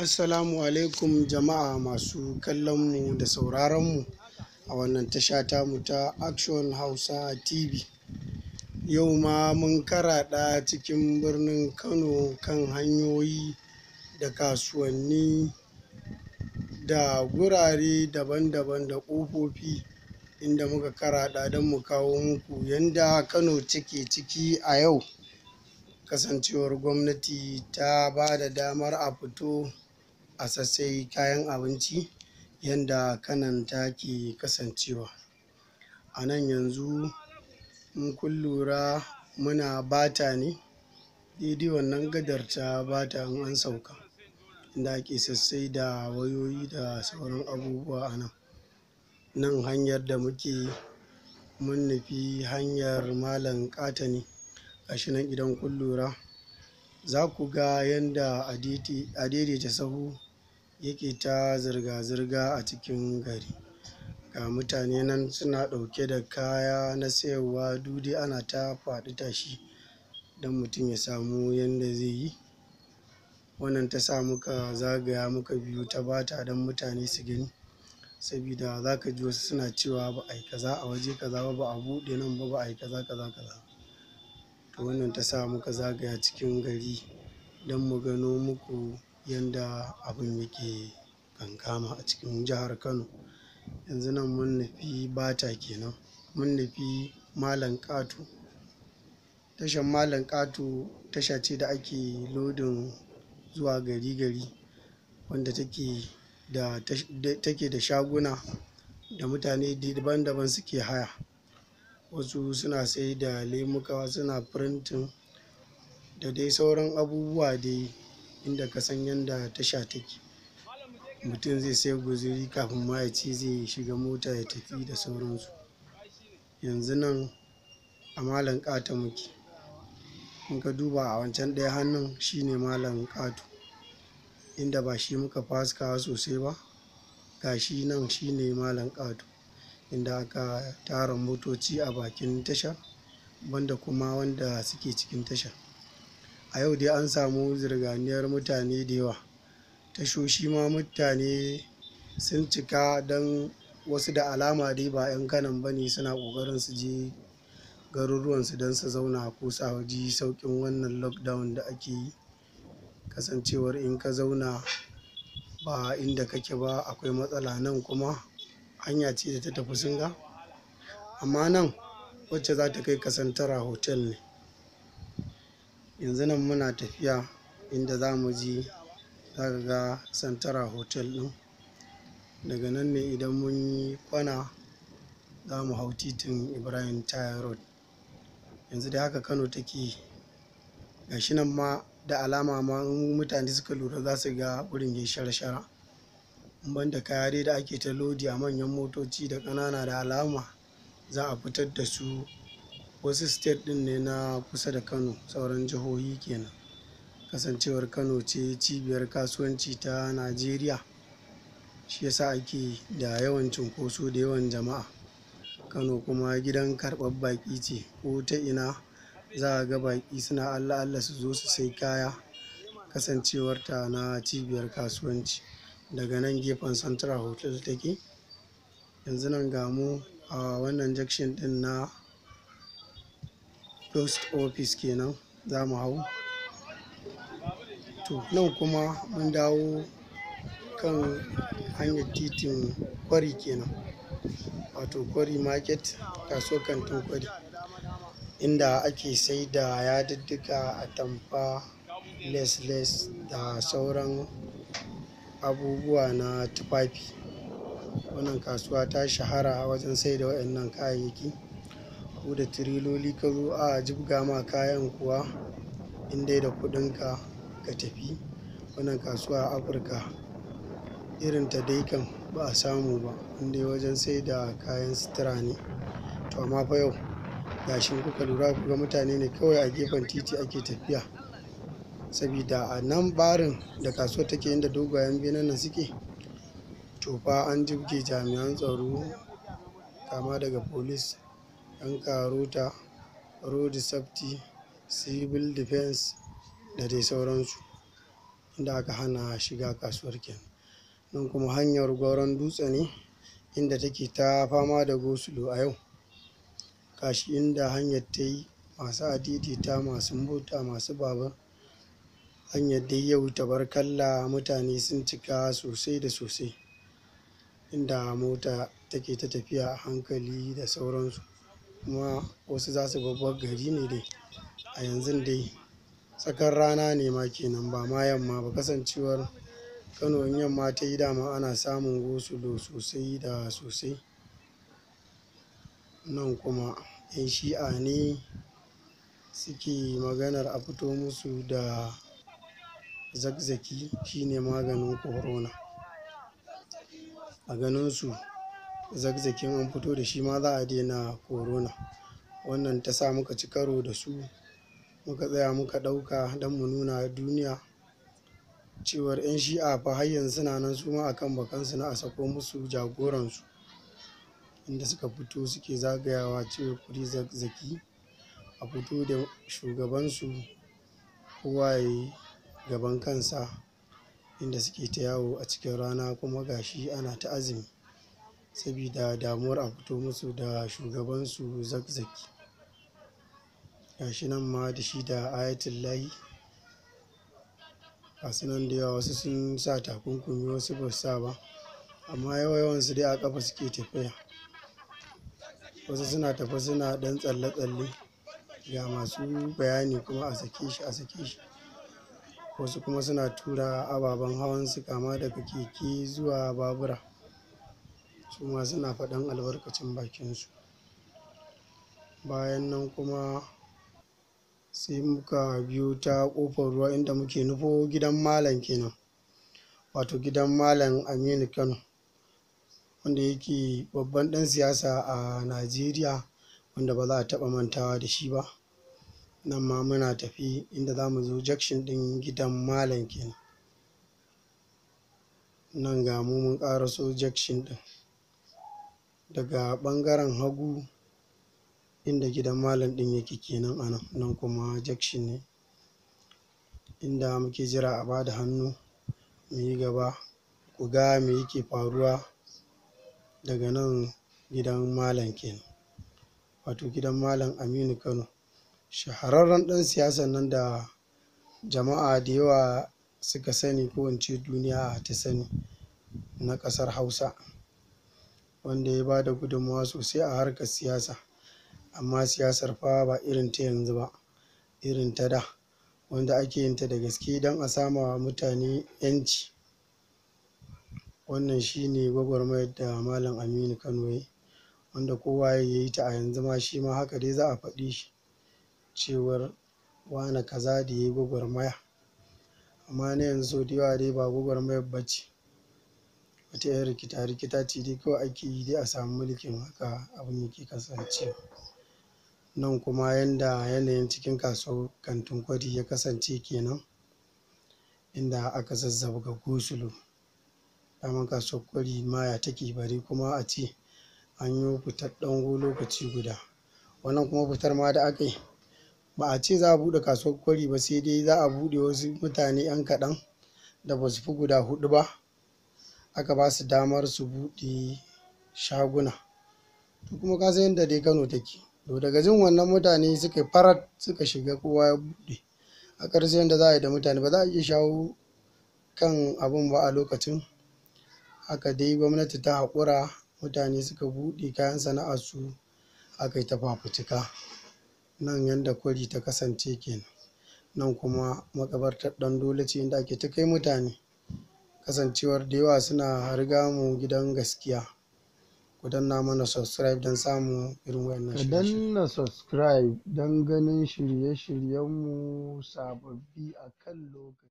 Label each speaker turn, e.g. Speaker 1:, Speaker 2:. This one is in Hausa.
Speaker 1: Assalamu alaikum jama'a masu kallon mu da mu, a wannan tasha mu ta Action Hausa TV. Yau ma mun karaɗa cikin birnin Kano kan hanyoyi da kasuwanni da gurare daban-daban da ƙofofi inda muka karaɗa don mu kawo muku yanda Kano take ciki a yau. Kasancewar gwamnati ta ba da damar a fito a sassai kayan abinci yanda kananta ke kasancewa a nan yanzu in kun lura muna bata ne daidai wannan gadar ta bata in an sauka inda ake sassai da wayoyi da sauran abubuwa a nan nan hanyar da muke mun nufi hanyar malam ƙata ne gashi nan idan kun lura za ku ga yadda a daidaita sahu yake ta zirga-zirga a cikin gari ga mutane nan suna ɗauke da kaya na sayarwa duk ana ta faɗi tashi don mutum ya samu yadda zai yi wannan ta sa muka zagaya muka biyu ta bata don mutane su gani sabida za ka ji wasu suna cewa ba a yi kaza a waje kaza ba ba a buɗe nan ba ba a yi kaza kaza kaza to wannan ta sa muka zagaya cikin gari don mu gano muku yanda abun yake kankama a cikin jihar Kano yanzu nan mun nufi Bata kenan mun nufi Malam Ƙato tashan Malam Ƙato tasha ce da ake lodin zuwa gari gari wanda take da take da shaguna da mutane daban-daban suke haya wasu suna sai da lemuka suna printing da dai sauran abubuwa dai inda ka san yadda tasha take mutum zai sai guziri kafin ma ya ci zai shiga mota ya tafi da sauransu yanzu nan a malam kata muke in ka duba a wancan ɗaya hannun shine malam Kato, inda ba shi muka faska sosai ba ga shi nan shine malam Kato, inda aka tara motoci a bakin tasha banda kuma wanda suke cikin tasha a yau dai an samu zirganiyar mutane da yawa tashoshi ma mutane sun cika don wasu da alama dai ba 'yan kanan ba ne suna ƙoƙarin su je garuruwansu don su zauna ko su hauji sauƙin wannan lockdown da ake yi kasancewar in ka zauna ba inda kake ba akwai matsala nan kuma hanya ce da ta tafi singa amma nan wacce za ta kai kasantara hotel ne yanzu nan muna tafiya inda za mu ji za ka ga santara hotel ɗin daga nan ne idan mun yi kwana za mu hau titin ibrahim tire road yanzu da haka kano take shi nan ma da alama ma mutane suka lura za su ga wurin ya shara-shara ban da kaya dai da ake ta lodi a manyan motoci da ƙanana da alama za a fitar da su wasu state ɗin ne na kusa da kano sauran jihohi kenan kasancewar kano ce cibiyar kasuwanci ta najeriya shi yasa ake da yawan cunkoso da yawan jama'a kano kuma gidan karɓar baƙi ce ko ta ina za a ga baƙi suna allah allah su zo su sai kaya kasancewar ta na cibiyar kasuwanci daga nan gefen central hotel take yanzu nan gamu a wannan junction ɗin na post office kenan za mu hau to nan kuma mun dawo kan hanyar titin kwari kenan wato kwari market kasuwar kantin kwari inda ake sai da yadiddika tamfa les-les da sauran abubuwa na tufafi wannan kasuwa ta shahara wajen sai da waɗannan kayayyaki ko da tireloli ka zo a jibga ma kayan kuwa in dai da kuɗinka ka tafi wannan kasuwa a afirka Irin ta dai kan ba a samu ba in wajen sai da kayan sutura ne to amma fa yau shi kuka lura kuga mutane ne kawai a gefen titi ake tafiya sabida a nan barin da kasuwa take inda dogayen benan nan suke to fa an jibge jami'an tsaro kama daga police Ɗan karota road safety civil defense da dai sauransu inda aka hana shiga kasuwar kenan nan kuma hanyar gwaron dutse ne inda take ta fama da gosulo a yau kashi inda hanyar ta yi masu adidita masu mota masu baba hanyar da yau kalla mutane sun cika sosai da sosai inda mota take ta tafiya a hankali da sauransu kuma wasu za su babbar gari ne dai a yanzu dai tsakar rana ne ma kenan ba ma yamma ba kasancewar kano in yamma ta yi dama ana samun gosulo sosai da sosai nan kuma 'yan shi'a ne suke maganar a fito musu da zakzaki shine maganin corona a ganin su. zakzakin an fito da shi ma za a daina korona wannan ta sa muka ci karo da su muka tsaya muka ɗauka don mu nuna duniya cewar 'yan shi'a fa har yanzu suna nan su ma akan bakansu na a sako musu jagoransu inda suka fito suke zagayawa cewar kuri zakzaki a fito da shugabansu kowa ya gaban kansa inda suke ta yawo a cikin rana kuma gashi ana ta azumi saboda damuwar a fito musu da shugabansu zakzaki ga shi nan ma da shi da ayatul layi a nan da yawa wasu sun sa takunkumi wasu ba sa ba amma yawan su dai a ƙafa suke tafiya wasu suna tafi suna ɗan tsalle-tsalle ga masu bayani kuma a sake shi a sake shi wasu kuma suna tura ababen hawan su kama daga keke zuwa babura su ma suna faɗin albarkacin bakinsu bayan nan kuma sai muka biyu ta ƙofar ruwa inda muke nufo gidan malam kenan wato gidan malam aminu kano wanda yake babban ɗan siyasa a najeriya wanda ba za a taɓa mantawa da shi ba nan ma muna tafi inda za mu zo jakshin ɗin gidan malam kenan nan ga mu mun ƙaraso jakshin ɗin daga ɓangaren hagu inda gidan malam ɗin yake kenan a nan nan kuma jakshin ne inda muke jira a bada hannu mu yi gaba ku ga me yake faruwa daga nan gidan malam kenan wato gidan malam aminu kano shahararren ɗan siyasa nan da jama'a da yawa suka sani ko in ce duniya ta sani na ƙasar hausa wanda ya ba da gudunmawa sosai a harkar siyasa amma siyasar fa ba irin ta yanzu ba irin ta da wanda ake yin ta da gaske don a sama mutane yanci wannan shi ne gwagwarmayar da malam aminu kano wanda kowa ya yi ta a yanzu ma shi ma haka dai za a faɗi shi cewar wane kaza da ya yi gwagwarmaya amma na yanzu da yawa dai ba gwagwarmayar ba ce wata 'yan rikita rikita ce dai kawai ake yi dai a samu mulkin haka abin yake kasance. nan kuma yadda yanayin cikin kasuwar kantin kwari ya kasance kenan inda aka zazzabga gosulo daman kasuwar kwari maya ya take bari kuma a ce an yi fitar ɗango lokaci guda wannan kuma fitar ma da aka yi ba a ce za a buɗe kasuwar kwari ba sai dai za a buɗe wasu mutane 'yan kaɗan da ba su fi guda hudu ba aka ba su damar su buɗe shaguna to kuma ka san yadda dai kano take to daga jin wannan mutane suka farat suka shiga kowa ya buɗe a ƙarshe yadda za a yi da mutane ba za a iya shawo kan abun ba a lokacin haka dai gwamnati ta haƙura mutane suka buɗe kayan sana'arsu aka yi ta fafutuka nan yadda kwari ta kasance kenan nan kuma makabartar ɗan dole ce inda ake ta kai mutane kasancewar da yawa suna riga mu gidan gaskiya ku danna mana subscribe don samu irin wayannan shirye danna subscribe don ganin shirye-shiryenmu sababbi a kan lokaci